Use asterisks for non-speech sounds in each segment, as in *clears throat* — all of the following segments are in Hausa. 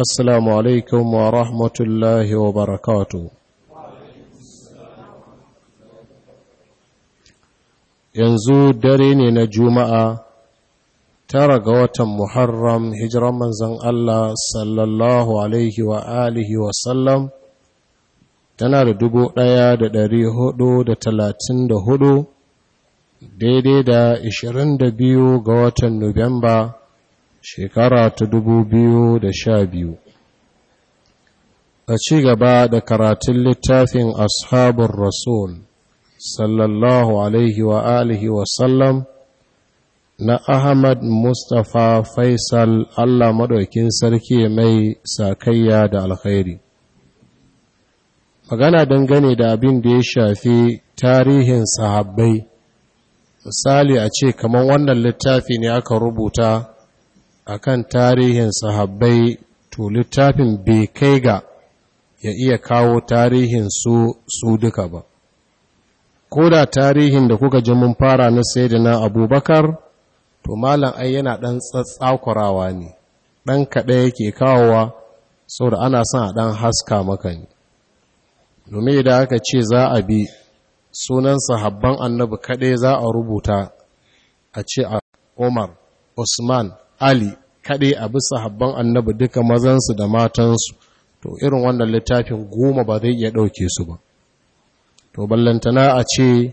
السلام عليكم ورحمة الله وبركاته yanzu dare ne na juma'a tara ga watan muharram hijiran manzan Allah sallallahu alaihi wa wa sallam tana da dubu ɗaya da ɗari hudu da talatin da hudu daidai da ishirin biyu ga watan nuwamba shekara ta dubu biyu da sha biyu. a ci gaba da karatun littafin ashabun rasul sallallahu alaihi wa alihi wasallam na ahmad mustapha faisal allah maɗaukin sarki mai sakayya da alkhairi magana dangane da abin da ya shafi tarihin sahabbai misali a ce kamar wannan littafi ne aka rubuta akan tarihin sahabbai to littafin bai kai ga ya iya kawo tarihin su su duka ba ko da tarihin da kuka ji mun fara na sayyidina abubakar to malam ai yana dan tsatsakurawa ne dan kaɗai yake kawowa saboda ana son a dan haska maka ne domin idan aka ce za a bi sunan sahabban annabi kaɗai za a rubuta a ce a Umar Usman ali kaɗe a bisa habban annabi duka mazansu da matansu to irin wannan littafin goma ba zai iya ɗauke su ba to ballantana a ce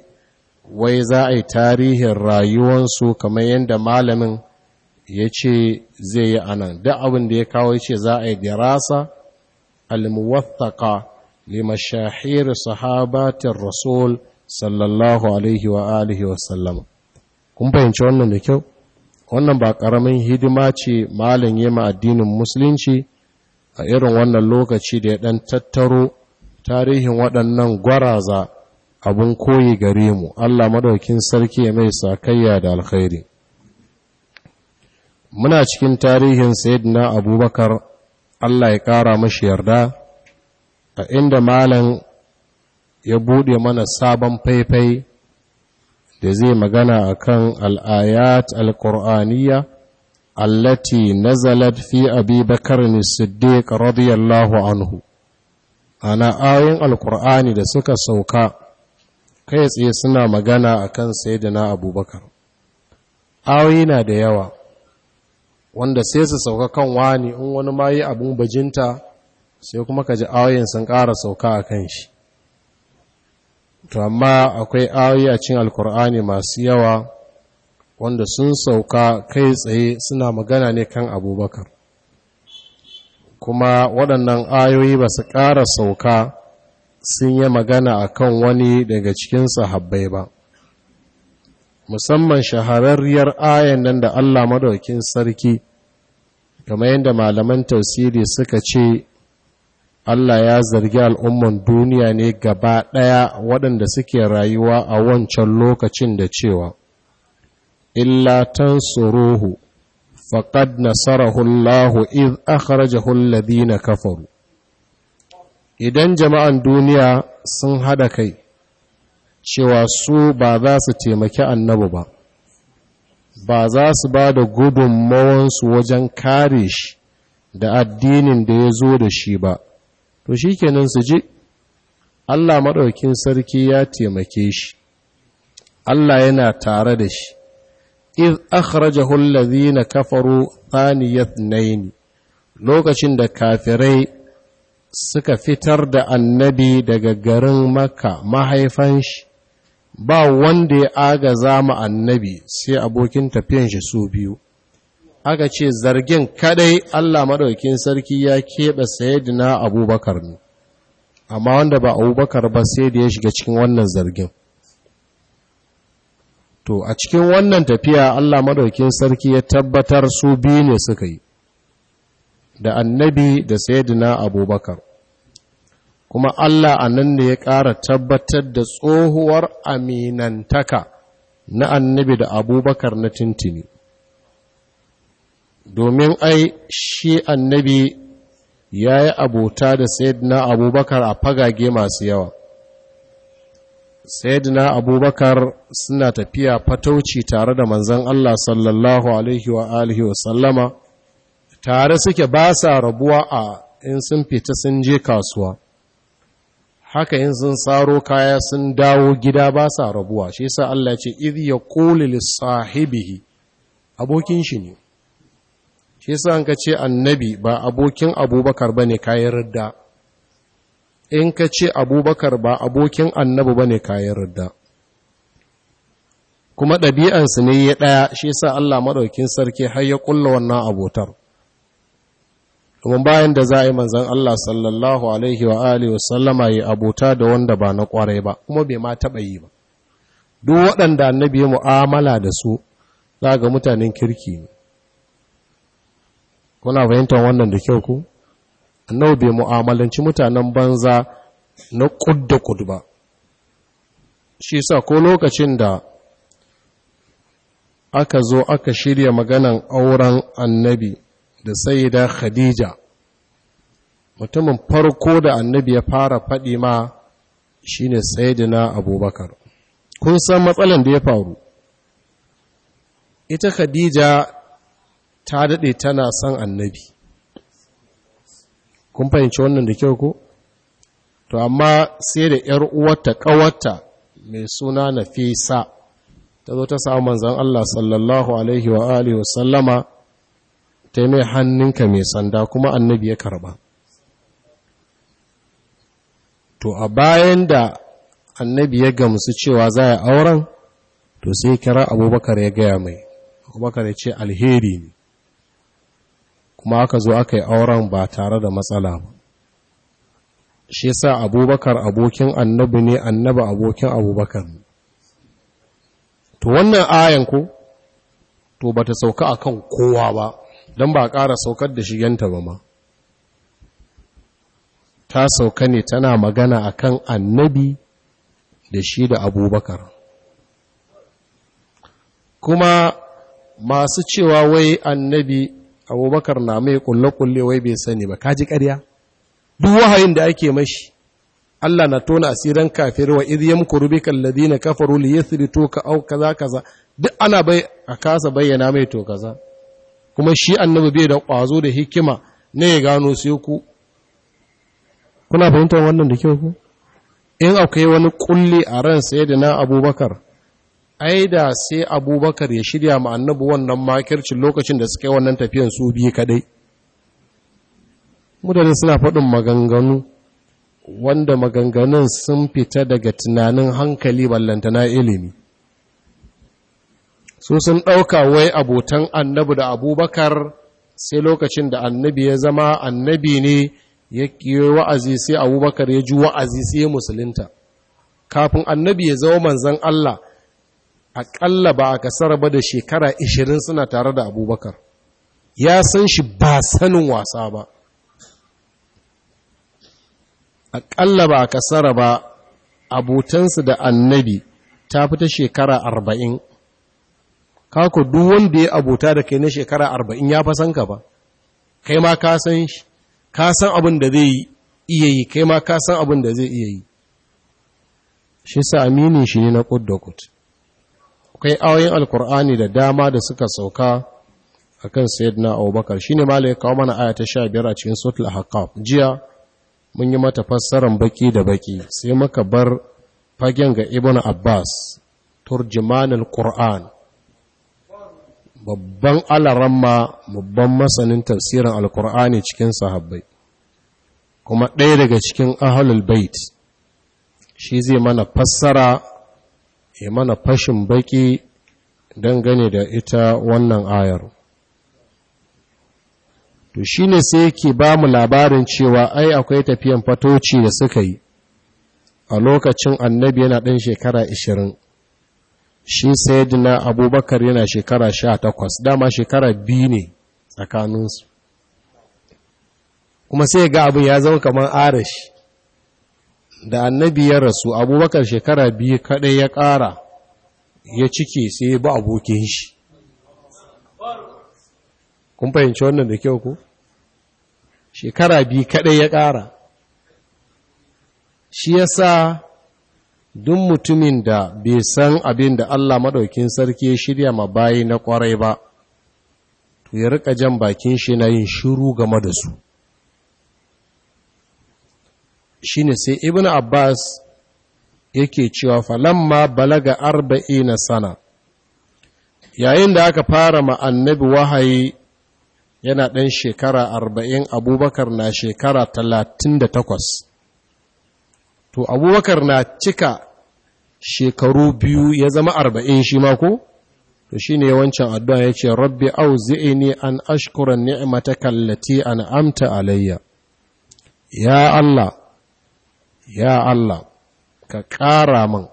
wai za a yi tarihin rayuwansu kamar yadda malamin ya ce zai yi a nan duk abin da ya kawo ce za a yi dirasa almuwathaka limashahir sahabatin rasul sallallahu alaihi wa alihi wa sallama kun fahimci wannan da kyau wannan ba ƙaramin hidima ce malin yema addinin musulunci a irin wannan lokaci da ya ɗan tattaro tarihin waɗannan gwaraza abin koyi gare mu Allah Maɗaukin sarki ya mai sakayya da alkhairi muna cikin tarihin na abubakar Allah ya ƙara mashi yarda a inda malam ya buɗe mana sabon faifai da zai magana a kan al'ayat al’ur’aniya allati nazalat fi abi bakar siddiq radiyallahu anhu ana ayoyin alkur'ani da suka sauka kai tsaye suna magana a akan na abubakar ayoyi na da yawa wanda sai su sauka kan wani in wani ma yi abun bajinta sai kuma ka ji ayoyin sun ƙara sauka a kan shi to amma akwai ayoyi a cikin alkur'ani masu yawa wanda sun sauka kai tsaye suna magana ne kan abubakar kuma waɗannan ayoyi ba su ƙara sauka sun yi magana a kan wani daga cikin sahabbai ba musamman shahararriyar ayan nan da Allah madaukin sarki kamar yadda malaman tausiri suka ce Allah ya zargi al'umman duniya ne gaba ɗaya waɗanda suke rayuwa a wancan lokacin da cewa, Illa tan suruhu, faƙad nasarahullahu iz akharajahu na kafaru. Idan jama'an duniya sun haɗa kai, cewa su ba za su taimaki annabu ba, ba za su ba da gudunmawansu wajen kare shi da addinin da ya zo da shi ba. to shi kenan su ji Allah maɗaukin sarki ya taimake shi Allah yana tare da shi iz akhrajahu allazina kafaru thaniyatnayn lokacin da kafirai suka fitar da annabi daga garin makka mahaifan shi ba wanda ya agaza ma annabi sai abokin tafiyan shi su biyu aka ce zargin kadai Allah maɗaukin sarki ya keɓe sayidina abubakar ne amma wanda ba abubakar ba sai da ya shiga cikin wannan zargin to a cikin wannan tafiya Allah maɗaukin sarki ya tabbatar su biyu ne suka yi da annabi da sayidina abubakar kuma Allah a nan ne ya ƙara tabbatar da tsohuwar aminantaka na annabi da abubakar na tintini domin ai shi annabi ya yi abota da sayyidina abubakar a fagage masu yawa sayyidina abubakar suna tafiya fatauci tare da manzan Allah sallallahu alaihi wa alihi wa sallama tare suke ba sa rabuwa a in sun fita sun je kasuwa haka in sun saro kaya sun dawo gida ba sa rabuwa shi sa Allah ce idh ya lis sahibihi abokin shi ne shi yasa an ka ce annabi ba abokin abubakar bane kayan radda in ka ce abubakar ba abokin annabi bane kayan radda kuma ɗabi'ansu ne ya ɗaya shi yasa Allah maɗaukin sarki har ya ƙulla wannan abotar Kuma bayan da za a yi manzon Allah sallallahu alaihi wa alihi wasallama yi abota da wanda ba na kwarai ba kuma bai ma taɓa yi ba duk waɗanda annabi ya mu'amala da su za ga mutanen kirki ne kuna fahimtar wannan da kyau ku annabi bai mu'amalanci mutanen banza na ƙudda da ba shi sa ko lokacin da aka zo aka shirya maganan auren annabi da da khadija mutumin farko da annabi ya fara faɗi ma shine sayyidina abubakar kun san matsalan da ya faru ita khadija ta daɗe tana son annabi kun fahimci wannan da kyau ko to amma sai da ‘yar uwarta ƙawarta mai suna na fesa ta zo ta samu manzan Allah sallallahu alaihi wa Alaihi wa sallama ta mai hannunka mai sanda kuma annabi ya karba to a bayan da annabi ya gamsu cewa za a auren to sai kira abubakar ya gaya mai abubakar ya ce alheri ne kuma aka zo aka yi auren ba tare da matsala ba shi sa abubakar abokin annabi ne annaba abokin abubakar to wannan ayan ko to ta sauka a kan kowa ba don ba ƙara saukar da shigenta ba ma ta sauka ne tana magana a kan annabi da shi da abubakar kuma masu cewa wai annabi abubakar na mai kulle-kulle wai bai sani ba kaji karya duk wahayin da ake mashi Allah na tona asiran kafir wa idh yamkuru bika alladhina kafaru li ka aw kaza kaza duk ana bai a kasa bayyana mai to kaza kuma shi annabi bai da kwazo da hikima ne ya gano sai ku kuna fahimtar wannan da kyau ku in akwai wani kulli a ran na Abubakar ai da sai abubakar ya shirya ma annabu wannan makircin lokacin da suka yi wannan tafiyan su biyu kadai mutane suna faɗin maganganu wanda maganganun sun fita daga tunanin hankali ballanta na ilimi su sun ɗauka wai abotan annabu da abubakar sai lokacin da annabi ya zama annabi ne ya kiyo wa'azi sai abubakar ya ji wa'azi sai musulunta kafin annabi ya zama manzan Allah aƙalla ba a kasar ba da shekara 20 suna tare da abubakar ya san shi ba sanin wasa ba aƙalla ba a kasar ba abotansu da annabi ta fi ta shekara 40 kako duk wanda ya abota da kai na shekara 40 ya fa san ka ba kai ma ka san shi ka san abin da zai iya yi kai ma ka san abin da zai iya yi shi sa aminin shi ne na ƙud da akwai ayoyin alkur'ani da dama da suka sauka akan sayyidina abubakar shine malai kawo mana ayata ta 15 a cikin suratul ahqaf jiya mun yi mata fassarar baki da baki sai muka bar fagen ga ibn abbas turjimanul qur'an babban alaramma babban masanin tafsirin alkur'ani cikin sahabbai kuma ɗaya daga cikin ahlul bait shi zai mana fassara ya mana fashin baki dangane da ita wannan ayar to shine sai yake ba mu labarin cewa ai akwai tafiyan fatoci da suka yi a lokacin annabi yana ɗan shekara ishirin shi sayyidina abubakar yana shekara sha takwas dama shekara biyu ne tsakaninsu kuma sai ga abin ya zama kamar arashi da annabi ya rasu abubakar shekara biyu kadai ya ƙara ya cike sai ba abokin shi kun fahimci wannan da kyau ku shekara biyu kadai ya ƙara shi ya sa duk mutumin da bai san abin da Allah maɗaukin sarki ya shirya ma bayi na kwarai ba to ya rika jan bakin shi na yin shiru game da su ne sai ibn abbas yake cewa falamma balaga arba'ina sana yayin da aka fara ma annabi wahayi yana ɗan shekara arba'in abubakar na shekara talatin da takwas to abubakar na cika shekaru biyu ya zama arba'in shi mako to shi ne yawancin addu'a ya ce rabbi au ne an ashkura kallati an amta alayya ya Allah ya Allah ka ƙara man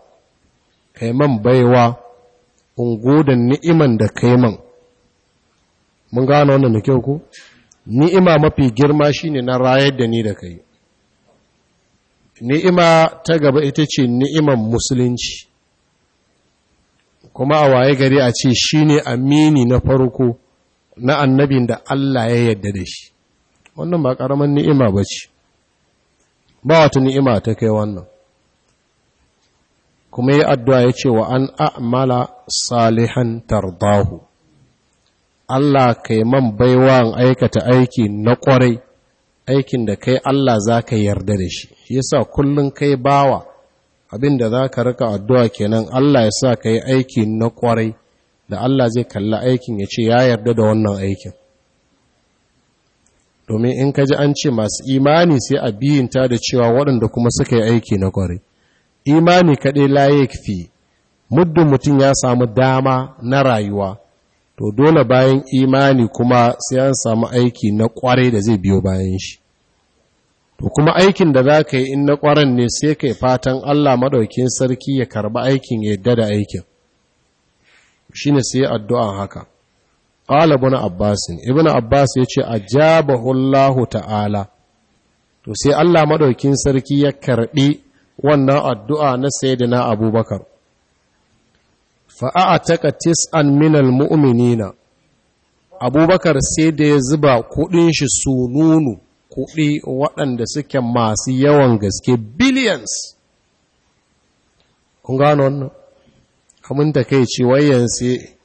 kai man baiwa ungodan ni'iman da kai man mun gano wannan da kyau ko ni'ima mafi girma shine na rayar da ni da kai ni'ima ta gaba ita ce ni'iman musulunci kuma a waye gari a ce shine amini na farko na annabin da Allah ya yarda da shi wannan ba ƙaramin ni'ima ba ce ba wata ni'ima ta kai wannan kuma yi addu'a ya ce wa an a'mala salihan tardahu Allah kai man baiwa aikata aiki na ƙwarai aikin da kai Allah za ka yarda da shi shi yasa kullum kai bawa abinda da za ka rika addu'a kenan Allah ya sa ka yi aiki na ƙwarai da Allah zai kalla aikin ya ce ya yarda da wannan aikin domin in ka ji an ce masu imani sai a biyinta da cewa waɗanda kuma suka yi aiki na ƙware imani kaɗai laye fi muddin mutum ya samu dama na rayuwa to dole bayan imani kuma sai an samu aiki na ƙware da zai biyo bayan shi to kuma aikin da za ka yi in na ƙwaren ne sai ka yi fatan allah maɗaukin sarki ya karɓi aikin ya yadda da aikin shine ne sai addu'an haka ƙala bin abbasin ibn abbas ya ce ajabahullahu ta'ala to sai allah maɗaukin sarki ya karɓi wannan addu'a na sayyidina abubakar fa'a taka tis'an minal mu'minina abubakar sai da ya zuba kuɗin shi sununu kuɗi waɗanda suke masu yawan gaske billions kun gano wannan amin ta kai ce wayan sai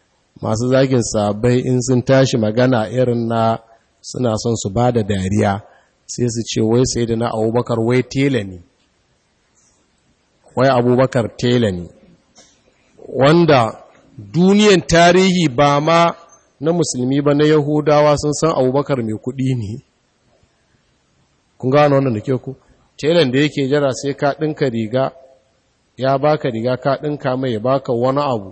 masu zagin sabai in sun tashi magana irin na suna son su ba da dariya sai su ce wai sai da na abubakar wai tela ne wai abubakar tela ne wanda duniyan tarihi ba ma na musulmi ba na yahudawa sun san abubakar mai kuɗi ne kun gano wannan da ke ku telan da yake jira sai ka ɗinka riga ya baka riga ka ɗinka mai baka wani abu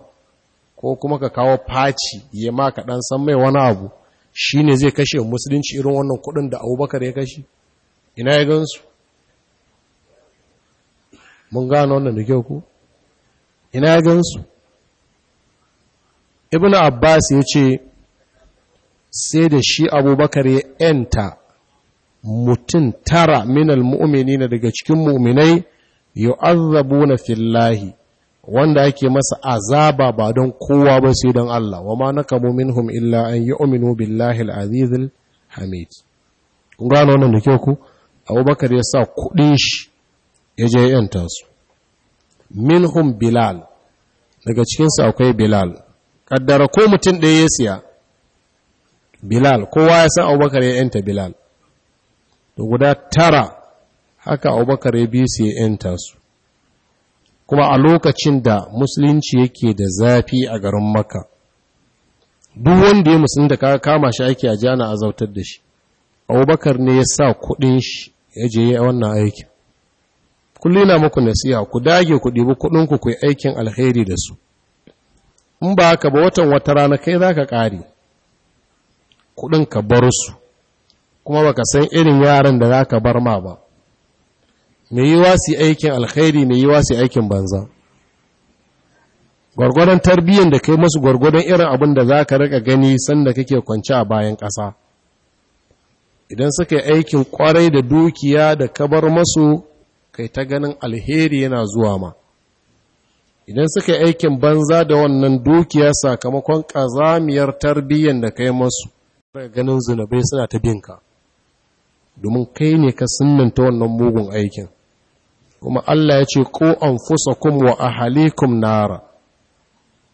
ko kuma ka kawo faci ya ma ka ɗan san mai wani abu shi ne zai kashe musulunci irin wannan kuɗin da abubakar ya kashe ina ya gansu mun gano wannan da kyau ku ina ya gansu ibn abbas ya ce sai da shi abubakar ya ‘yanta mutum tara minal muminina na daga cikin mu'uminai yu'azzabu na fillahi wanda ake masa azaba ba don kowa ba sai don Allah wa ma na min minhum illa an yu'minu billahi al hamid kun gano wannan da kyau ku Abubakar ya sa kudin shi ya je yanta su minhum bilal daga cikinsu akwai bilal kaddara ko mutum ɗaya ya siya bilal kowa ya san abubakar ya yanta bilal da guda tara haka abubakar ya bi su ya yanta su kuma a lokacin da musulunci yake da zafi a garin maka duk wanda ya da ka kama shi aiki a jana a zautar da shi abubakar ne ya sa kudin shi ya je yi wannan aikin kulli na muku nasiha ku dage ku ɗibi kuɗinku ku yi aikin alheri da su in ba haka ba watan wata rana kai za ka ƙari kuɗin ka bar su kuma baka san irin yaran da za ka bar ma ba mai yi wasi aikin alkhairi mai yi wasi aikin banza gwargwadon tarbiyyar da kai masu gwargwadon irin abin da za ka rika gani sanda kake kwanci a bayan ƙasa idan suka yi aikin kwarai da dukiya da kabar masu kai ta ganin alheri yana zuwa ma idan suka yi aikin banza da wannan dukiya sakamakon ƙazamiyar tarbiyyar da kai masu ganin zunubai suna ta binka domin kai ne ka sunanta wannan mugun aikin kuma Allah ya ce ko an kuma wa ahalikum nara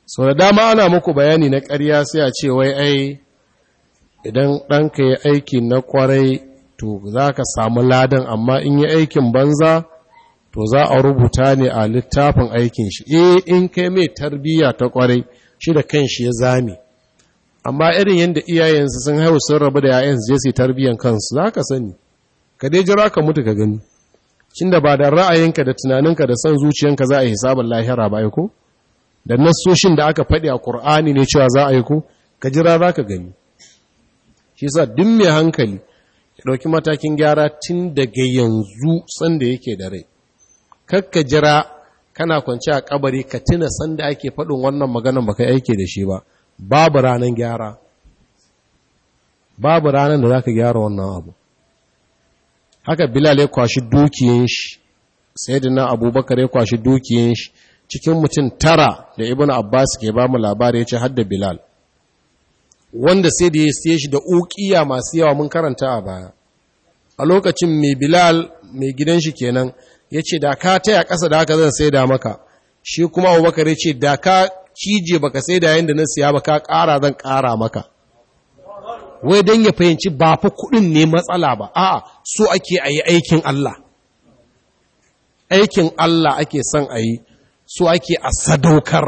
so da dama ana muku bayani na ƙarya sai a ce wai ai idan ɗanka ya aiki na kwarai to za ka samu ladan amma in yi aikin banza to za a rubuta ne a littafin aikin shi e in kai mai tarbiyya ta kwarai shi da kanshi ya zame amma irin yadda iyayensu sun haihu sun rabu da 'ya'yansu je su tarbiyyan kansu za ka sani ka dai jira ka mutu ka gani Shin da ba da ra'ayinka da tunaninka da son zuciyanka za a yi hisabin lahira ba aiko? da nasoshin da aka faɗi a ƙur'ani ne cewa za a yi ko ka jira za ka gani shi sa duk mai hankali ya ɗauki matakin gyara tun daga yanzu sanda yake da rai kakka jira kana kwance a kabari ka tuna sanda ake faɗin wannan maganan baka aike da shi ba babu ranar gyara babu ranar da za ka gyara wannan abu haka bilal ya kwashi dukiyan shi sai na abubakar ya kwashi dukiyan shi cikin mutum tara da Ibn abbas ke ba mu labari ya ce hadda bilal wanda sai da ya siye shi da ukiya masu yawa mun karanta a baya a lokacin mai bilal mai gidan shi kenan ya ce da ka taya kasa da haka zan sai da maka shi kuma abubakar ya ce da ka cije baka sai da yayin da na siya ba ka kara zan ƙara maka wai don ya fahimci ba fa kuɗin ne matsala ba a'a so ake a yi aikin Allah aikin Allah ake son a yi so ake a sadaukar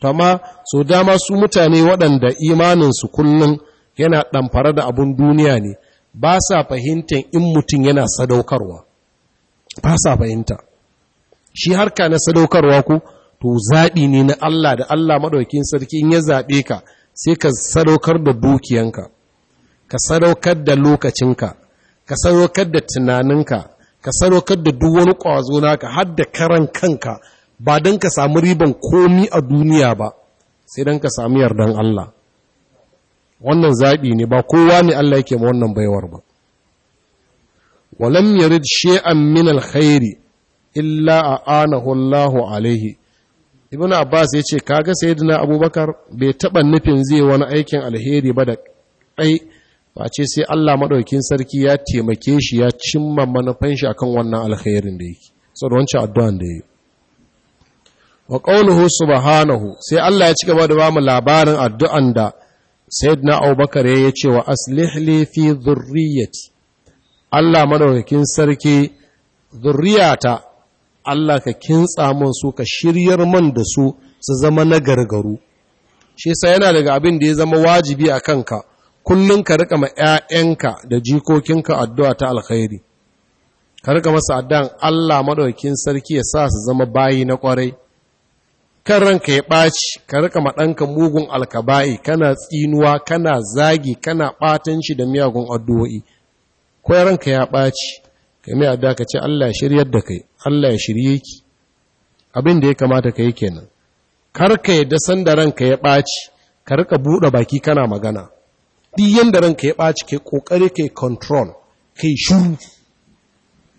tama so dama su mutane waɗanda imaninsu kullum yana ɗamfara da abun duniya ne ba sa fahimtar in mutum yana sadaukarwa ba sa fahimta shi harka na sadaukarwa ko to zaɓi ne na Allah da Allah maɗaukin sarki in ya zaɓe ka sai ka sadaukar da dukiyanka ka sadaukar da lokacinka ka sadaukar da tunaninka ka sadaukar da duk wani ƙwazo naka har da karan kanka ba don ka samu riban komi a duniya ba sai don ka samu yardan Allah wannan zaɓi ne ba kowa ne Allah yake ma wannan baiwar ba walam yarid shay'an min alkhairi illa a'anahu Allahu alaihi ibn abbas ya ce kaga sayyidina abubakar bai taba nufin zai wani aikin alheri ba da kai ba ce sai allah maɗaukin sarki ya taimake shi ya cimma manufan shi akan wannan alherin da yake sau da wancan addu'an da yi wa ƙaunuhu subhanahu sai allah ya ci gaba da ba labarin addu'an da sayyidina abubakar ya ce wa aslihli allah maɗaukakin sarki zurriyata Allah ka kintsa man su ka shiryar man da su su zama na gargaru shi sa yana daga abin da ya zama wajibi a kanka kullum ka rika ma 'ya'yanka da jikokinka addu'a ta alkhairi ka rika masa addan Allah maɗaukin sarki ya sa su zama bayi na ƙwarai kan ranka ya ɓaci ka rika ma ɗanka mugun alkaba'i kana tsinuwa kana zagi kana ɓatanci da miyagun addu'o'i ko ranka ya ɓaci ka mai adda ka ce Allah shiryar da kai Allah ya shirye ki abin da ya kamata ka yi kenan kar ka yadda sanda ranka ya ɓaci ka buɗe baki kana magana duk yanda ranka ya ɓaci kai ƙoƙari kai control kai shiru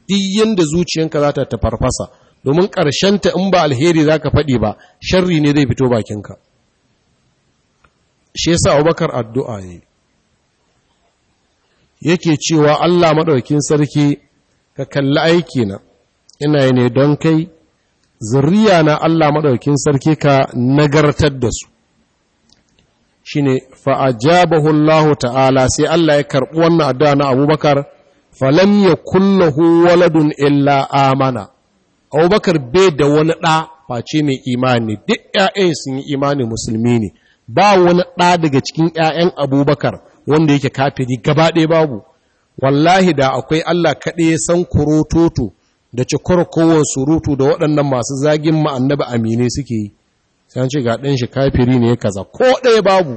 duk yanda zuciyanka za ta farfasa domin ƙarshenta in ba alheri za ka faɗi ba sharri ne zai fito bakinka shi yasa abubakar addu'a ne yake cewa Allah maɗaukin sarki ka kalli aiki na ina yi ne don kai zuriya na Allah maɗaukin sarki ka nagartar da su shi ne fa'ajabahu ta'ala sai Allah ya karɓi wannan addu'a na abubakar falam ya kullahu waladun illa amana abubakar bai da wani ɗa face mai imani duk ‘ya'yan sun yi imani musulmi ne ba wani ɗa daga cikin ‘ya'yan abubakar wanda yake kafiri gaba ɗaya babu wallahi da akwai Allah kaɗai san kurototo da cikar kowar surutu da waɗannan masu zagin ma'annaba amine suke yi sai an ce ga ɗan shi kafiri ne kaza ko ɗaya babu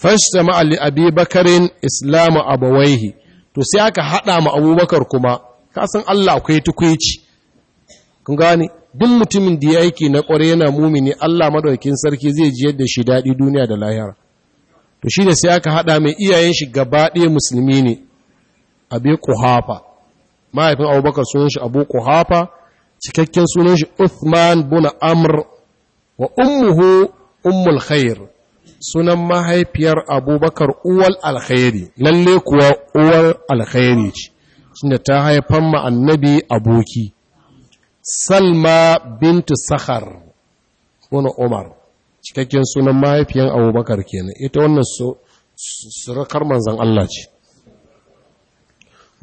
fashta ma'alli abubakarin bakarin islamu abawaihi to sai aka haɗa ma abubakar kuma kasan allah akwai tukwici kun gane duk mutumin da ya aiki na ƙware yana mumini allah maɗaukin sarki zai ji yadda shi daɗi duniya da lahira to shi da sai aka haɗa mai iyayen shi gaba ɗaya musulmi ne abi kuhafa mahaifin abubakar sunan shi abu kuhafa cikakken sunan shi uthman buna amr wa ummuhu ummul khair sunan mahaifiyar abubakar uwal alkhairi lalle kuwa uwal alkhairi ce tunda ta haifan ma annabi aboki salma bintu sakhar wani umar cikakken sunan mahaifiyar abubakar kenan ita wannan surakar manzan Allah ce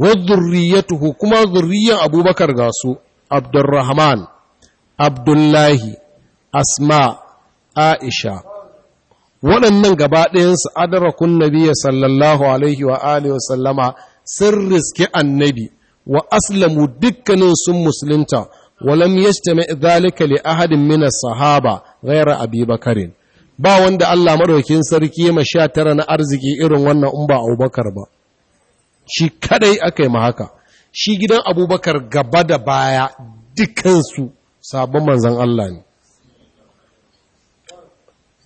wa zurriyatuhu kuma zurriyan abubakar ga su abdurrahman abdullahi asma aisha waɗannan gaba ɗayansu adarakun nabiya sallallahu alaihi wa alihi sun riske annabi wa aslamu dukkanin sun musulunta walam yajtami dhalika li ahadin min as-sahaba ghayra abi bakarin ba wanda Allah madaukin sarki ya ma tara na arziki irin wannan in ba Abubakar ba shi kadai aka yi ma haka shi gidan abubakar gaba da baya dukansu sabon manzan Allah ne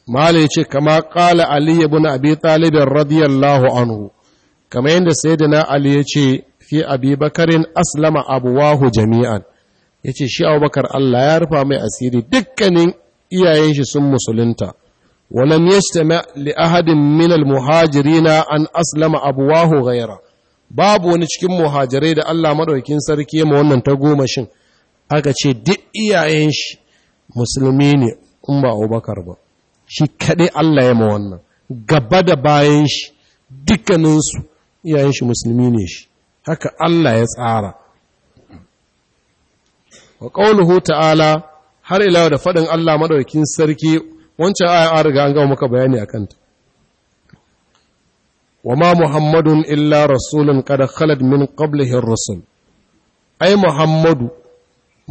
mala ya ce kama kala ali bin abi talibin radiyallahu anhu kama yadda sayyidina ali ya ce fi abi bakarin aslama abuwahu jami'an ya ce shi abubakar Allah ya rufa mai asiri dukkanin iyayen shi sun musulunta ولم يجتمع لأحد من المهاجرين أن أسلم أبواه غيره babu wani cikin muhajirai da Allah maɗaukin sarki ma wannan ta goma shin aka ce duk iyayen shi musulmi ne in ba Abubakar ba shi kaɗai Allah ya ma wannan gaba da bayan shi dukkaninsu iyayen shi musulmi ne shi haka Allah ya tsara wa qauluhu ta'ala har ila da faɗin Allah maɗaukin sarki wancan aya an riga an gama maka bayani a kanta. wa ma muhammadun illa rasulun kada من min qablihi أي ai muhammadu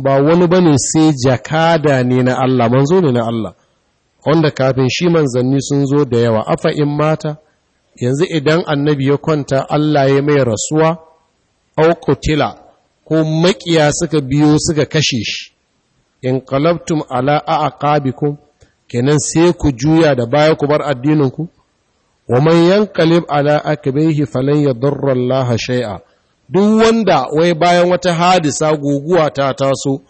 ba wani bane sai jakada ne na Allah manzo ne na Allah wanda kafin shi manzanni sun zo da yawa afa in mata yanzu idan annabi ya kwanta Allah ya mai rasuwa au kutila ko makiya suka biyo suka kashe shi in qalabtum ala aqabikum kenan sai ku juya da baya ku bar addinin ku wa ينقلب على ala فلن يضر الله شيئا shai'a? duk wanda wai bayan wata hadisa guguwa ta taso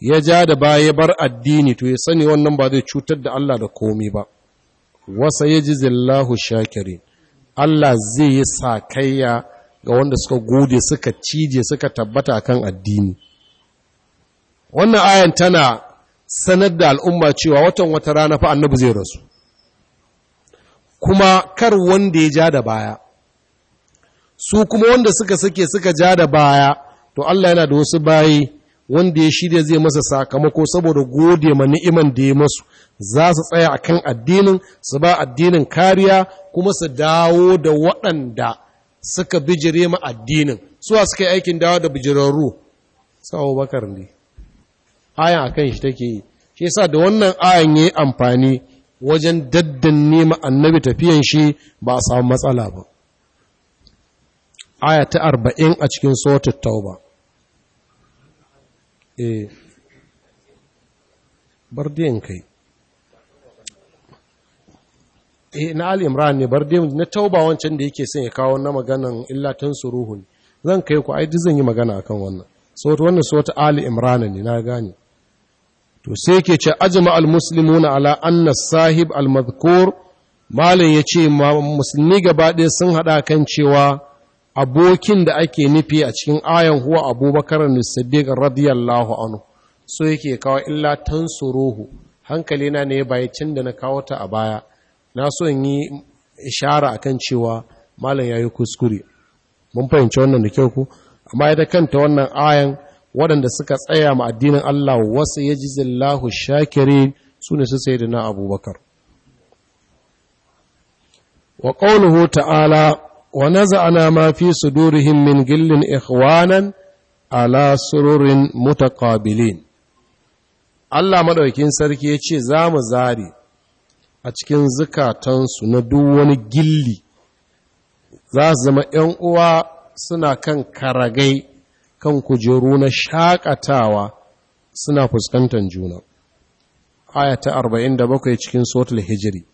ya ja da baya bar addini to ya sani wannan ba zai cutar da Allah da komai ba wasa zillahu shakirin Allah zai yi sakayya ga wanda suka gode suka cije suka tabbata kan addini wannan ayan tana sanar da al'umma cewa watan wata rana fa annabi zai rasu kuma kar wanda ya ja da baya su kuma wanda suka sake suka ja da baya to Allah yana da wasu bayi wanda ya shirya zai masa sakamako saboda gode ma ni'iman da ya masu za su tsaya a kan addinin su ba addinin kariya kuma su dawo da waɗanda suka bijire ma addinin suwa suka yi aikin dawo da bijirarru sau bakar ne ayan kan shi take yi shi yasa da wannan ayan yi amfani wajen daddan nema annabi tafiyan shi ba a samu matsala ba aya ta arba'in a cikin sautar tauba e eh. bardiyan kai e na ali imran ne bardiyan na tauba wancan da yake son ya kawo na maganan illatan suruhun zan kai ku ai zan yi magana akan wannan sautar wannan sautar ali ne na gane to sai ke ce ajma al-muslimuna ala anna sahib al-madhkur malam yace musulmi gaba ɗaya sun haɗa kan cewa abokin da ake nufi a cikin ayan huwa abubakar as-siddiq radiyallahu anhu so yake kawo illa tansuruhu hankali na ne bayacin da na kawo ta a baya na so in yi ishara akan cewa malam yayi kuskure mun fahimci wannan da kyau ku amma ita kanta wannan ayan waɗanda suka tsaya ma addinin Allah wasu ya ji zillahu shakiri su ne su sai da na abubakar wa ƙaunuhu ta'ala wa naza'ana ma fi durihin min gillin ikhwanan ala sururin mutaqabilin Allah maɗaukin sarki ya ce za mu zari a cikin zukatansu na duk wani gilli za su zama ‘yan uwa suna kan karagai kan kujeru na shaƙatawa suna fuskantar juna aya ta 47 cikin suratul hijri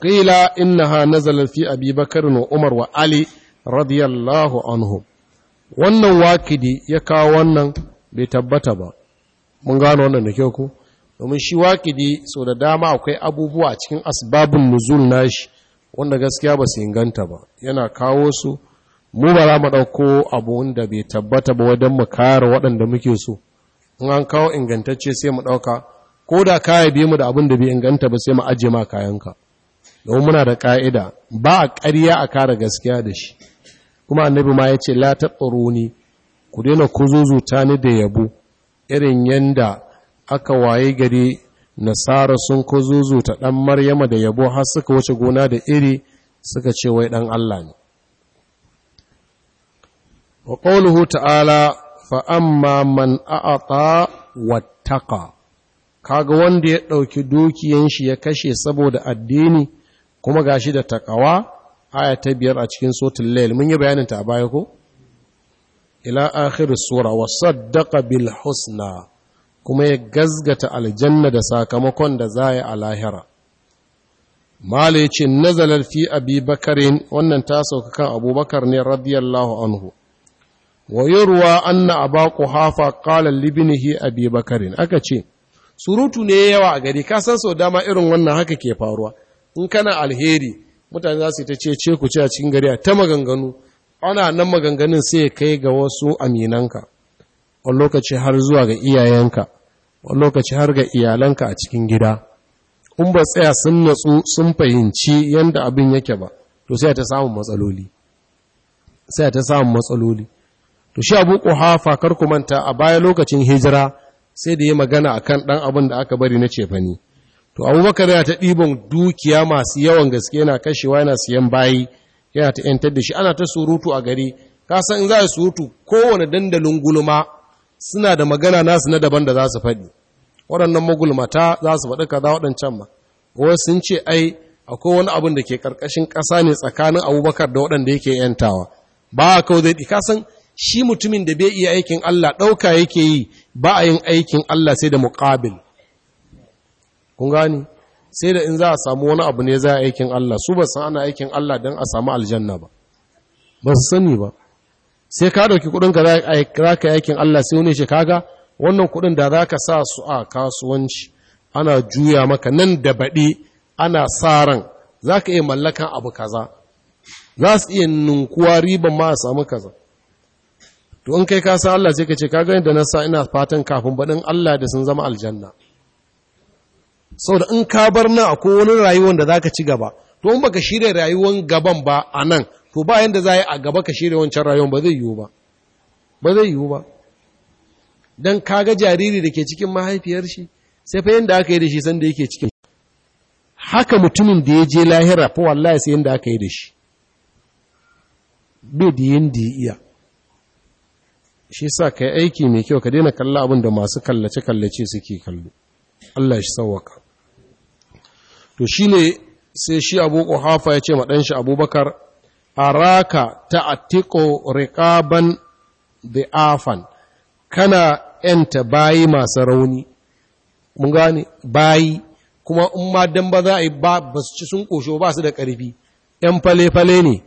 qila innaha nazalat fi abi bakar na umar wa ali radiyallahu anhu. wannan wakidi ya kawo wannan bai tabbata ba mun gano wannan da kyau ku. domin shi wakidi sau da dama akwai abubuwa cikin asbabun nuzul nashi wanda gaskiya ba su inganta ba yana kawo su mu ba za mu ɗauko abu wanda bai tabbata ba wajen mu kare waɗanda muke so in an kawo ingantacce sai mu ɗauka ko da kaya biye mu da abin da bai inganta ba sai mu ajiye ma kayanka don muna da ƙa'ida ba a ƙarya a kare gaskiya da shi kuma annabi ma ya ce la taɓaroni ku daina kuzuzuta ni da yabo irin yanda aka waye gari nasara sun kuzuzuta ɗan maryama da yabo har suka wuce gona da iri suka ce wai ɗan Allah ne wa ƙaunuhu ta'ala fa'amma man a'ata kaga wanda ya ɗauki dukiyan shi ya kashe saboda addini kuma gashi da takawa aya ta biyar a cikin sotin lail mun yi bayaninta a baya ko? ila akhir sura wa saddaqa bil husna kuma ya gazgata aljanna da sakamakon da za a lahira. Mala ya ce, Nazalar fi Abi Bakarin, wannan ta sauka kan Abubakar ne radiyallahu anhu. wa yurwa anna aba quhafa qala libnihi abi bakarin aka ce surutu ne yawa a gari ka san so dama irin wannan haka ke faruwa in kana alheri mutane za su ta ce ce ku ce a cikin gari ta maganganu ana nan maganganun sai kai ga wasu aminanka wani lokaci har zuwa ga iyayenka wani lokaci har ga iyalanka a cikin gida in ba tsaya sun natsu sun fahimci yadda abin yake ba to sai ta samun matsaloli to shi abu kuhafa kar ku manta a baya lokacin hijira sai da ya magana a kan ɗan abin da aka bari na cefani to abubakar yana ta ɗiban dukiya masu yawan gaske yana kashewa yana siyan bayi yana ta yantar da shi ana ta surutu a gari ka san in za a surutu kowane dandalin gulma suna da magana nasu na daban da za su faɗi waɗannan magulmata za su faɗi kaza waɗancan ma wai sun ce ai akwai wani abin da ke ƙarƙashin ƙasa ne tsakanin abubakar da waɗanda yake yantawa ba a kawai zai ka san shi mutumin da bai iya aikin Allah ɗauka yake yi ba a yin aikin Allah sai da muƙabil kun gani sai da in za a samu wani abu ne za a aikin Allah su ba san ana aikin Allah don a samu aljanna ba ba su sani ba sai ka ɗauki kuɗinka za ka aikin Allah sai wani shi kaga wannan kuɗin da za ka sa su a kasuwanci ana juya maka nan da baɗi ana sa ran za ka iya mallakan abu kaza za su iya ninkuwa riban ma a samu kaza to in kai ka san Allah sai ka ce ka ga da na sa ina fatan kafin baɗin Allah da sun zama aljanna saboda in ka bar nan a wani rayuwar da zaka ci gaba to in baka shirya rayuwar gaban ba a nan to ba yanda za a gaba ka shirya wancan rayuwar ba zai yiwu ba ba zai yiwu ba dan kaga jariri da ke cikin mahaifiyar shi sai fa yanda aka yi da shi sanda yake cikin haka mutumin da ya je lahira fa wallahi sai yanda aka yi da shi bai da yanda ya iya shi sa ka yi aiki mai kyau ka daina kalla abin da masu kallace-kallace suke kallo Allah shi sauwaka to shi ne sai shi abu hafa ya ce maɗanshi abubakar araka ta atiko Rikaban da afan kana ‘yanta bayi masu rauni mun gane bayi kuma in ma dan ba za a yi ba su ci sun ƙoshe ba su da ƙarfi ‘yan fale-fale ne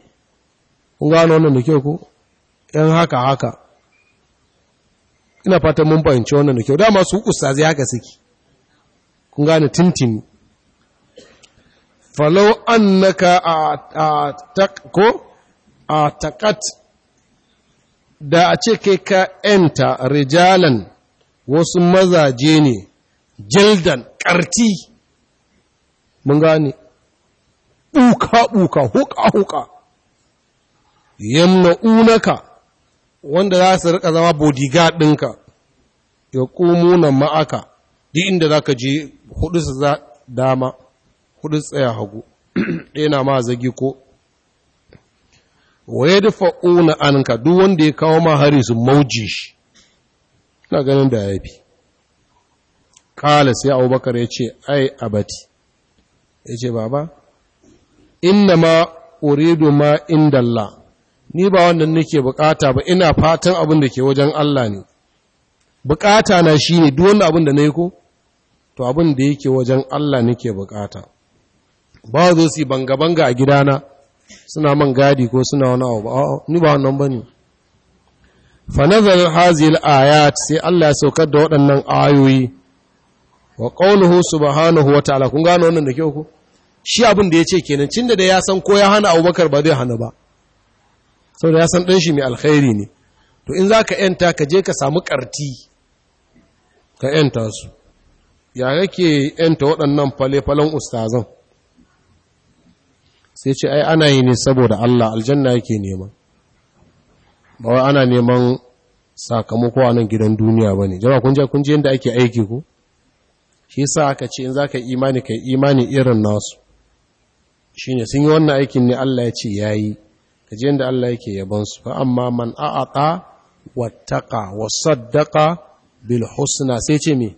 mun gane wannan da kyau ko ‘yan haka-haka ina fatan mun fahimci wannan da kyau dama su zai haka suke kun gane tintini falau annaka a ko a takat da a ce kai ka ‘yanta rijalan wasu mazaje ne, jildan Karti? mun gane, ɓuka-ɓuka, huka-huka, yamna unaka wanda za su rika zama bodyguard ɗinka ya ƙumu nan ma'aka duk inda za ka je hudu su za dama hudu tsaya hagu *clears throat* ɗaya na ma zagi ko waye da na anka duk wanda ya kawo ma hari su mauji shi na ganin da ya fi ƙala sai abubakar ya ce ai abati ya ce baba inna ma uridu ma inda ni ba wannan nake bukata ba ina fatan abin da ke wajen Allah ne bukata na shine duk wanda abin da nayi ko to abin da yake wajen Allah nake bukata ba zo su banga banga a gidana suna man gadi ko suna wani abu a'a ni ba wannan bane fa nazal hazil ayat sai Allah ya saukar da waɗannan ayoyi wa qawluhu subhanahu wa ta'ala kun gano wannan da kyau ko shi abin da yace kenan cinda da ya san ko ya hana Abubakar ba zai hana ba saboda ya san ɗan shi mai alkhairi ne to in za ka ‘yanta ka je ka samu ƙarti ka ‘yanta su ya kake ‘yanta waɗannan fale-falen ustazan sai ce ai ana yi ne saboda Allah aljanna yake nema ba wai ana neman sakamako a nan gidan duniya ba ne jama kunje kunje yadda ake aiki ko shi sa aka ce in za ka imani ka imani irin nasu shi ne sun yi wannan aikin ne Allah ya ce ya yi kaji yadda Allah yake yabon su fa amma man a'ata wattaqa wasaddaqa bil husna sai ce me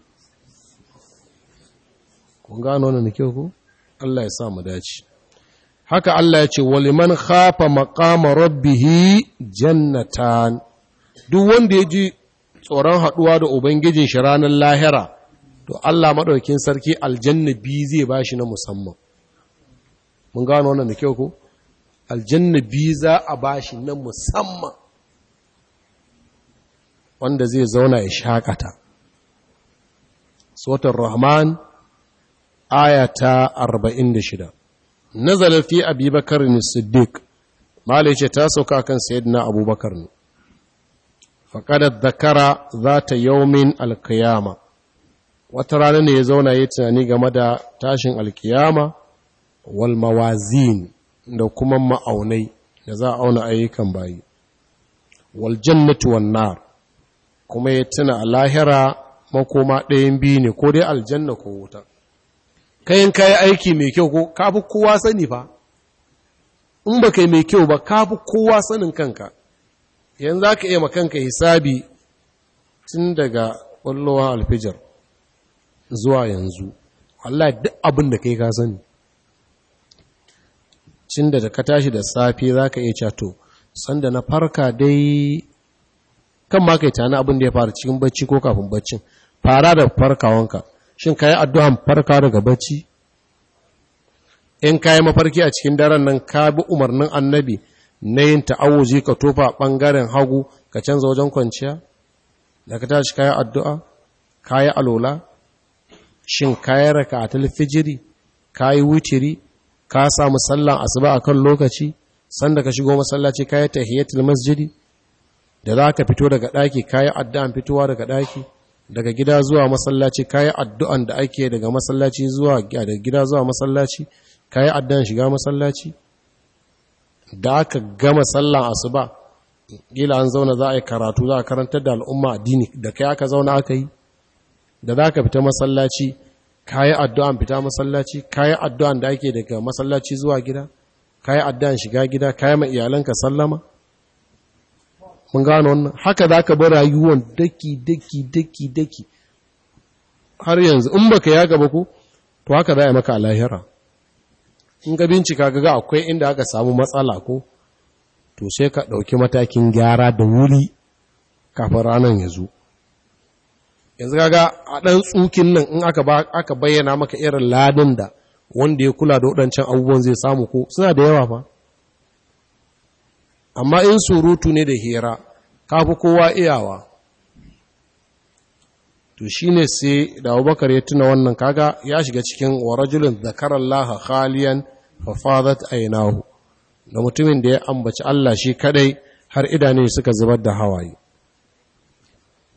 kun gano wannan ne ku Allah ya sa mu dace haka Allah ya ce waliman khafa maqama rabbih jannatan duk wanda ya ji tsoron haduwa da ubangijin shi ranar lahira to Allah madaukin sarki aljanna bi zai bashi na musamman mun gano wannan ne kyau ko aljanna biyu za a bashi na musamman wanda zai zauna ya shakata sautar rahman ayata 46 nazala fi abubakar ne siddiq mala ce ta sauka kan sayyidina abubakar ne faƙadar zakara za ta yaumin alkiyama wata rana ne ya zauna ya tunani game da tashin alkiyama wal da kuma ma'aunai da za a auna ayyukan bayi wal jannatu wan nar kuma ya tuna a lahira makoma ɗayan biyu ne ko dai aljanna ko wuta kayan kayi aiki mai kyau ko ka fi kowa sani fa in ba kai mai kyau ba ka fi kowa sanin kanka yanzu za ka iya kanka hisabi tun daga ƙwallowar alfijar zuwa yanzu Allah duk abin da kai ka sani cin da ka tashi da safi za ka iya cato sanda na farka dai kan ma kai tana abin da ya fara cikin bacci ko kafin baccin fara da farkawanka shin ka yi addu'an farka daga bacci in ka yi mafarki a cikin daren nan ka bi umarnin annabi na yin ta'awuzi ka tofa ɓangaren hagu ka canza wajen kwanciya da ka tashi ka yi addu'a ka yi alola shin ka yi raka a talfijiri ka yi wutiri ka samu sallan asuba a kan lokaci sanda ka shigo masallaci ka yi tahiyatul masjidi da za ka fito daga daki ka yi addu'an fitowa daga daki daga gida zuwa masallaci ka yi addu'an da ake daga masallaci zuwa daga gida zuwa masallaci ka yi addu'an shiga masallaci da aka gama sallan asuba gila an zauna za a yi karatu za a karantar da al'umma addini da kai aka zauna aka yi da za ka fita masallaci kayi addu'an fita masallaci kayi addu'an da ake daga masallaci zuwa gida kayi addu'an shiga gida kayi ma iyalanka sallama mun gano wannan haka za ka bar rayuwan daki daki daki daki har yanzu in baka ya gaba ku, to haka za a yi maka a lahira in ga bincika ga akwai inda aka samu matsala ko to sai ka ɗauki matakin gyara da wuri kafin ranar ya zo yanzu kaga a ɗan tsukin nan in aka bayyana maka irin ladin da wanda ya kula da waɗancan abubuwan zai samu ko suna da yawa fa amma in surutu ne da hira kafi kowa iyawa to shi ne sai da Abubakar ya tuna wannan kaga ya shiga cikin warajulun zakarallaha khaliyan haliyan a aynahu da mutumin da ya ambaci Allah shi kadai har idanu suka zubar da hawaye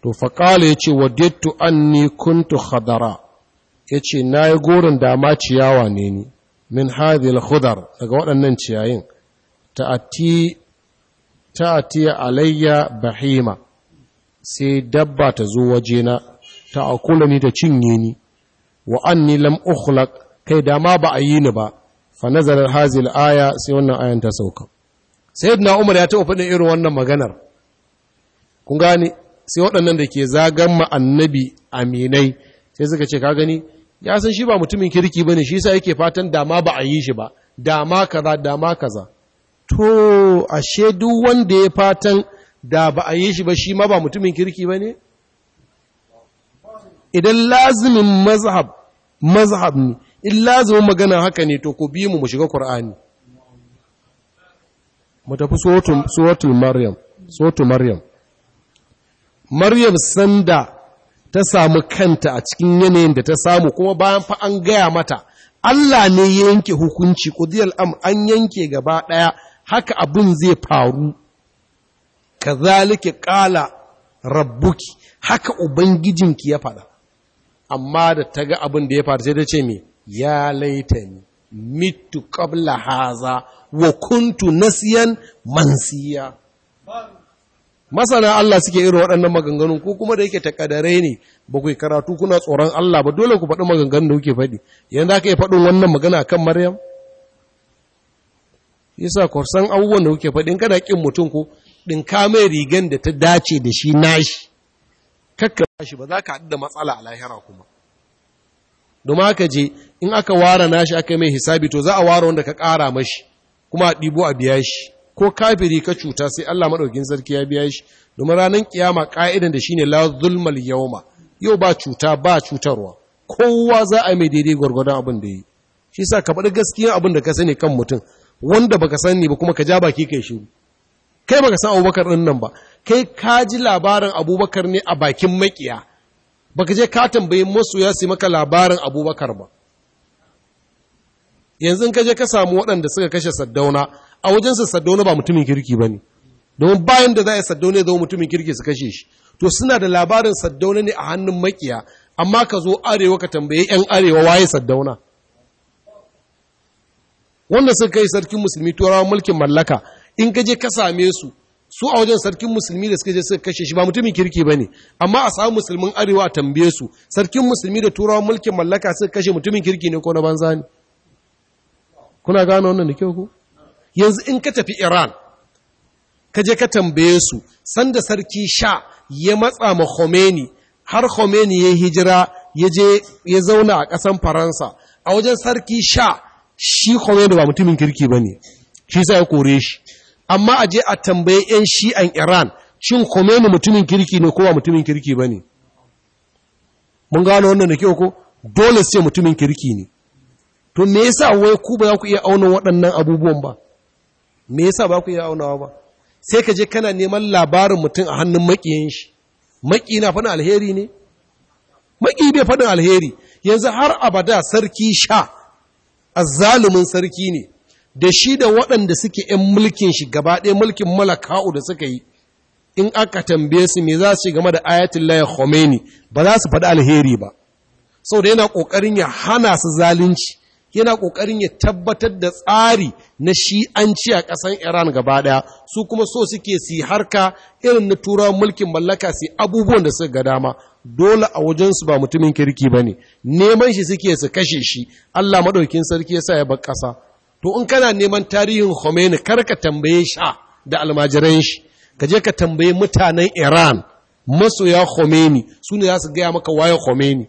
to faƙala ya ce wadittu anni kuntu khadara ya ce na yi gorin dama ciyawa ne ni min hadhil khudar daga waɗannan ciyayin ta'ati ta'ati alayya bahima sai dabba ta zo wajena ta akula ni ta cinye ni wa anni lam ukhlaq kai dama ba a yi ni ba fa nazarar hazil aya sai wannan ayan ta sauka sayyidina umar ya taɓa faɗin irin wannan maganar kun gane sai waɗannan da ke zagan ma annabi aminai sai suka ce ka gani ya san shi ba mutumin kirki ba ne shi sa yake fatan dama ba a yi shi ba dama kaza dama kaza to ashe duk wanda ya fatan da ba a yi shi ba shi ma ba mutumin kirki ba ne idan lazimin mazhab mazhab ne in lazimin magana haka ne to ku bi mu mu shiga qur'ani mu tafi suratul maryam suratul maryam maryam sanda ta samu kanta a cikin yanayin da ta samu kuma bayan fa an gaya mata Allah ne ya yanke hukunci ƙudiyar am an yanke gaba ɗaya haka abin zai faru kazalika ƙala rabbuki haka ubangijinki ya faɗa amma da ta ga abin da ya faru sai ta ce me ya laitani mitu qabla haza wa kuntu nasiyan mansiya masana Allah suke irin waɗannan maganganun ko kuma da yake takadare ne ba ku karatu kuna tsoron Allah ba dole ku faɗi maganganun da kuke faɗi yanzu aka yi faɗin wannan magana kan Maryam yasa kwarsan abubuwan da kuke faɗi in kana ƙin mutum ko ɗin ka rigan da ta dace da shi nashi kakka shi ba za ka haɗu da matsala a lahira kuma domin aka je in aka ware nashi aka yi mai hisabi to za a ware wanda ka ƙara mashi kuma a ɗibo a biya shi ko kafiri ka cuta sai Allah madaukin sarki ya biya shi domin ranar kiyama ka'idan da shine la zulmal yawma yau ba cuta ba cutarwa kowa za a mai daidai gwargwadon abin da yi shi sa ka faɗi gaskiya abin da ka sani kan mutum wanda baka sani ba kuma ka ja baki kai shi kai baka san abubakar ɗin nan ba kai ka ji labarin abubakar ne a bakin makiya baka je ka tambayi ya su maka labarin abubakar ba yanzu ka je ka samu waɗanda suka kashe saddauna a wajensa Saddauna ba mutumin kirki ba ne, domin bayan da za a Saddauna ya zama mutumin kirki su kashe shi, to suna da labarin Saddauna ne a hannun makiya, amma ka zo arewa ka tambaye ‘yan arewa waye Saddauna. Wanda suka kai sarkin musulmi turawa mulkin mallaka, in ka je ka same su, su a wajen sarkin musulmi da suka je suka kashe shi ba mutumin kirki ba ne, amma a samu musulmin arewa a tambaye su, sarkin musulmi da turawa mulkin mallaka suka kashe mutumin kirki ne ko na banza ne. Kuna gane wannan da kyau ku? yanzu in ka tafi iran ka je ka tambaye su sanda sarki sha ya matsa ma khomeini har khomeini ya hijira ya ya zauna a ƙasan faransa a wajen sarki sha shi khomeini ba mutumin kirki ba ne shi sa ya kore shi amma a je a tambaye 'yan shi'an iran shin khomeini mutumin kirki ne kowa mutumin kirki ba ne mun gano wannan da kyau ko dole sai mutumin kirki ne to me yasa wai ku ba za ku iya auna waɗannan abubuwan ba me yasa ba ku iya aunawa ba sai ka je kana neman labarin mutum a hannun makiyin shi maki na faɗin alheri ne maki bai faɗin alheri yanzu har abada sarki sha azzalumin sarki ne da shi da waɗanda suke ‘yan mulkin shi gaba ɗaya mulkin malaka'u da suka yi in aka tambaye su me za su game da ayatul laye Khomeini ba za su faɗi alheri ba sau da yana ƙoƙarin ya hana su zalunci yana ƙoƙarin ya tabbatar da tsari na shi'anci a ƙasan Iran gaba ɗaya, su kuma so suke si harka irin na turawan mulkin mallaka si abubuwan da suka ga dama, dole a wajensu ba mutumin kirki ba ne, neman shi suke su kashe shi, Allah maɗaukin sarki ya sa ya bar ƙasa. To in kana neman tarihin Khomeini kar ka tambaye sha da almajiran shi, ka je ka tambaye mutanen Iran masoya Khomeini su ne za su gaya maka waye Khomeini.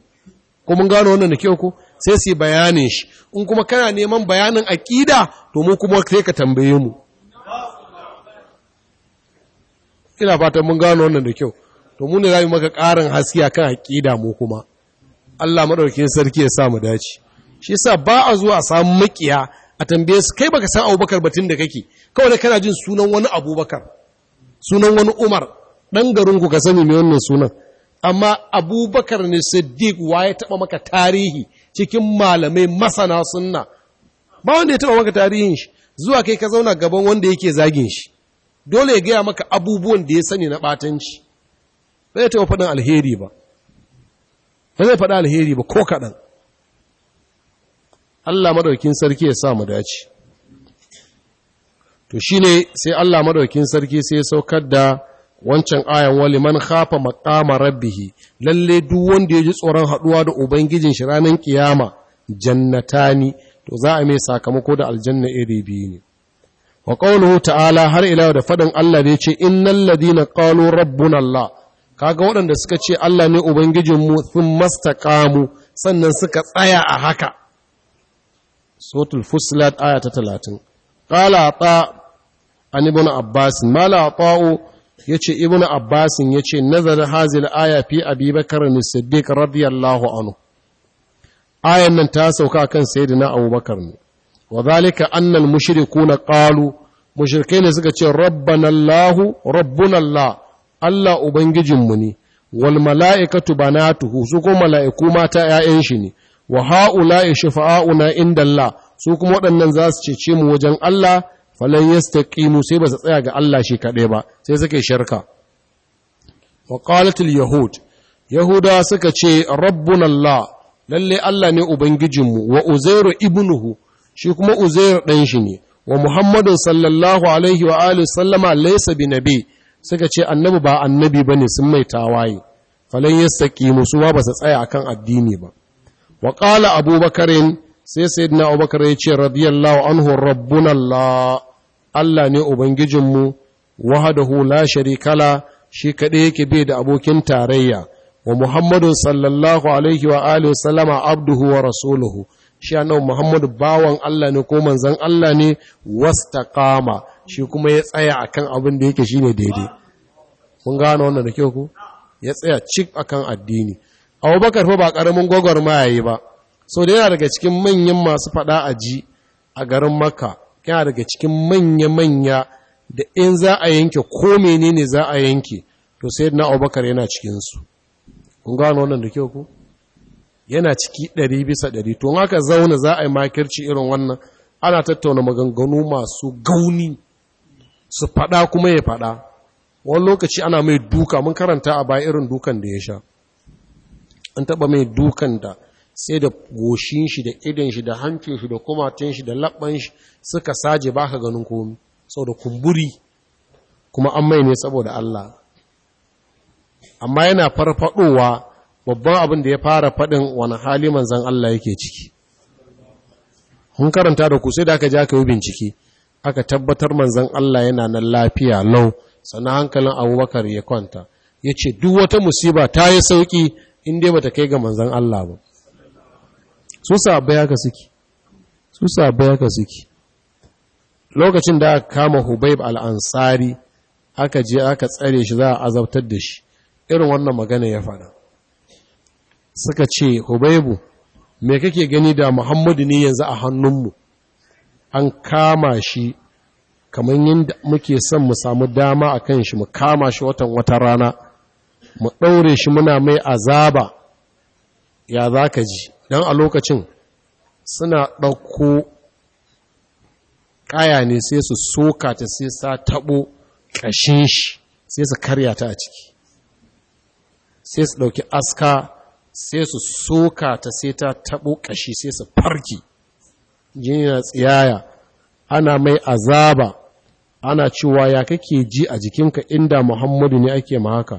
Ko mun gano wannan da kyau ko? sai su bayanin shi in kuma kana neman bayanin aƙida to mu kuma sai ka tambaye mu ina fatan mun gano wannan da kyau to mu ne za mu maka ƙarin haske kan aƙida mu kuma Allah madaukakin sarki ya sa mu dace shi yasa ba a zuwa a samu makiya a tambaye su kai baka san Abubakar batun da kake kawai da kana jin sunan wani Abubakar sunan wani Umar dan garin ku ka sani me wannan sunan amma Abubakar ne Siddiq wa ya taba maka tarihi cikin malamai masana sunna ba wanda ya taba maka tarihin shi zuwa kai ka zauna gaban wanda yake zagin shi dole ya gaya maka abubuwan da ya sani na batanci ba zai taba faɗin alheri ba ba zai faɗa alheri ba ko kaɗan Allah madaukin sarki ya sa mu dace to shine sai Allah madaukin sarki sai ya saukar da wancan ayan wali man khafa maqama rabbih lalle duk wanda ji tsoron haduwa da ubangijin shi ranar kiyama jannatani to za a mai sakamako da aljanna iri biyu ne wa qawluhu ta'ala har ila da faɗin Allah da yace innal ladina qalu rabbuna Allah kaga waɗanda suka ce Allah ne ubangijin mu sun mastaqamu sannan suka tsaya a haka suratul fusilat aya ta 30 qala ta an ibn abbas mala ta'u ya ce ibn abbasin ya ce nazarin hazil aya fi abubakar ne siddiq radiyallahu anhu ayan nan ta sauka kan sayyidina abubakar ne wa zalika annal na kalu. mushrikai ne suka ce rabbanallahu, allah rabbuna allah allah ubangijinmu ne wal mala'ikatu banatuhu su ko mala'iku mata 'ya'yan shi ne wa ha'ula'i shafa'auna inda allah su kuma waɗannan za su cece mu wajen allah falai yastaqimu sai ba su tsaya ga Allah shi kaɗai ba sai suke shirka waƙalatul yahud yahuda suka ce rabbuna Allah lalle Allah ne ubangijinmu wa uzairu ibnuhu shi kuma uzairu ɗan shi ne wa muhammadun sallallahu alaihi wa alihi sallama laisa bi nabi suka ce annabi ba annabi ba ne sun mai tawaye falan yastaqimu su ba su tsaya akan addini ba Waƙala abubakarin sai na abubakar ya ce radiyallahu anhu rabbuna allah allah ne ubangijinmu wahadahu la sharikala shi kaɗai yake bai da abokin tarayya wa muhammadun sallallahu alaihi wa alihi wa sallama abduhu wa rasuluhu shi annabi muhammadu bawan allah ne ko manzon allah ne wastaqama shi kuma ya tsaya akan abin da yake shine daidai kun gano wannan da kyau ku ya tsaya cik akan addini abubakar fa ba karamin gwagwarmaya yi ba so da yana daga cikin manyan masu fada a ji a garin maka yana daga cikin manya-manya da in za a yanke ko menene za a yanke to sai na abubakar yana cikinsu kun gano wannan da kyau ku yana ciki ɗari bisa ɗari to haka zauna za a yi makirci irin wannan ana tattauna maganganu masu gauni su fada kuma ya fada wani lokaci ana mai duka mun karanta a baya irin dukan da ya sha an taba mai dukan da sai da goshin shi da idan shi da hancin shi da kumatin shi da labban shi suka saje baka ganin komi saboda kumburi kuma an mai ne saboda Allah amma yana farfadowa babban abin da ya fara fadin wani hali manzon Allah yake ciki mun karanta da ku sai da aka ja ka yi bincike aka tabbatar manzon Allah yana nan lafiya lau sannan hankalin Abubakar ya kwanta ya ce duk wata musiba ta yi sauki in dai bata kai ga manzon Allah ba su sabai haka suke su sabai haka suke lokacin da aka kama hubaib al'ansari aka je aka tsare shi za a azabtar da shi irin wannan magana ya faɗa suka ce hubaibu me kake gani da muhammadu ne yanzu a hannunmu an kama shi kamar yadda muke son mu samu dama a kan shi mu kama shi watan wata rana mu ɗaure shi muna mai azaba ya za ka ji don a lokacin suna ɗauko ƙaya ne sai su soka ta sai sa taɓo ƙashin shi sai su karya ta a ciki sai su ɗauki aska sai su soka ta sai ta taɓo ƙashi sai su farki jini na tsiyaya ana mai azaba ana cewa ya kake ji a jikinka inda muhammadu ne ake ma haka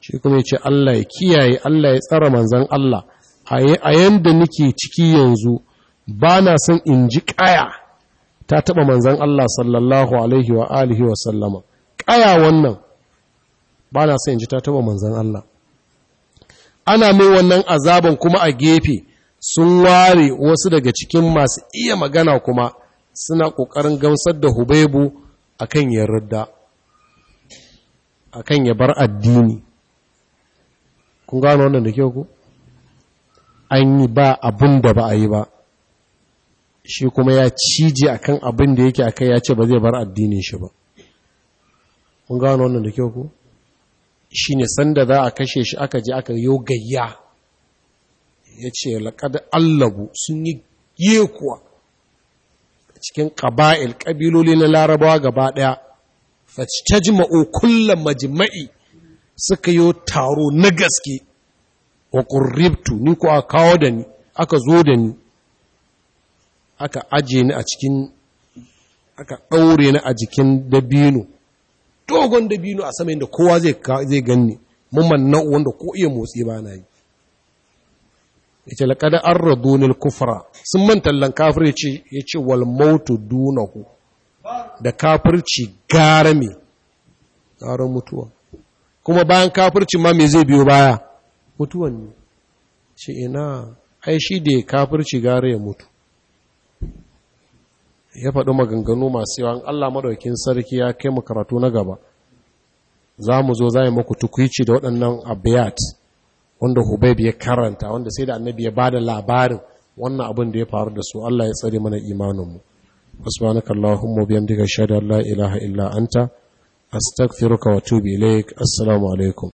shi kuma ya ce allah ya kiyaye allah ya tsara manzan allah a yanda nake ciki yanzu ba na son in ji ƙaya ta taɓa manzan Allah sallallahu alaihi wa alihi wa sallama ƙaya wannan ba na son in ji ta taɓa manzan Allah ana mai wannan azaban kuma a gefe sun ware wasu daga cikin masu iya magana kuma suna ƙoƙarin gamsar da hubaibu a kan yarda a kan ya bar addini kun gano wannan da kyau ku an yi ba abin da ba a yi ba shi kuma ya cije akan abin da yake akai ya ce ba zai bar addinin shi ba mun gano wannan da kyau shi shine sanda za a kashe shi aka je aka yo gayya ce laqad allabu sun yi yekuwa cikin ƙaba'il ƙabiloli na larabawa gaba daya fatajma'u kullu majima'i suka yi taro na gaske wa ƙurribtu ni ko a kawo da ni aka zo da ni aka aje ni a cikin aka ɗaure ni a jikin dabino dogon dabino a sama inda kowa zai ganni mumman na'u wanda ko iya motsi ba na yi an laqad arradunil kufra sun man tallan kafir ya ce wal mautu dunahu da kafirci gara mai gara mutuwa kuma bayan kafirci ma me zai biyo baya mutuwan ce ina ai shi da ya kafirci gara ya mutu ya faɗi maganganu masu yawan Allah maɗaukin sarki ya kai makaratu na gaba za mu zo za yi maku tukwici da waɗannan abiyat wanda hubaib ya karanta wanda sai da annabi ya ba da labarin wannan abin da ya faru da su Allah ya tsare mana imaninmu subhanaka allahumma bihamdika ashhadu an la ilaha illa anta astaghfiruka wa atubu ilaik assalamu alaikum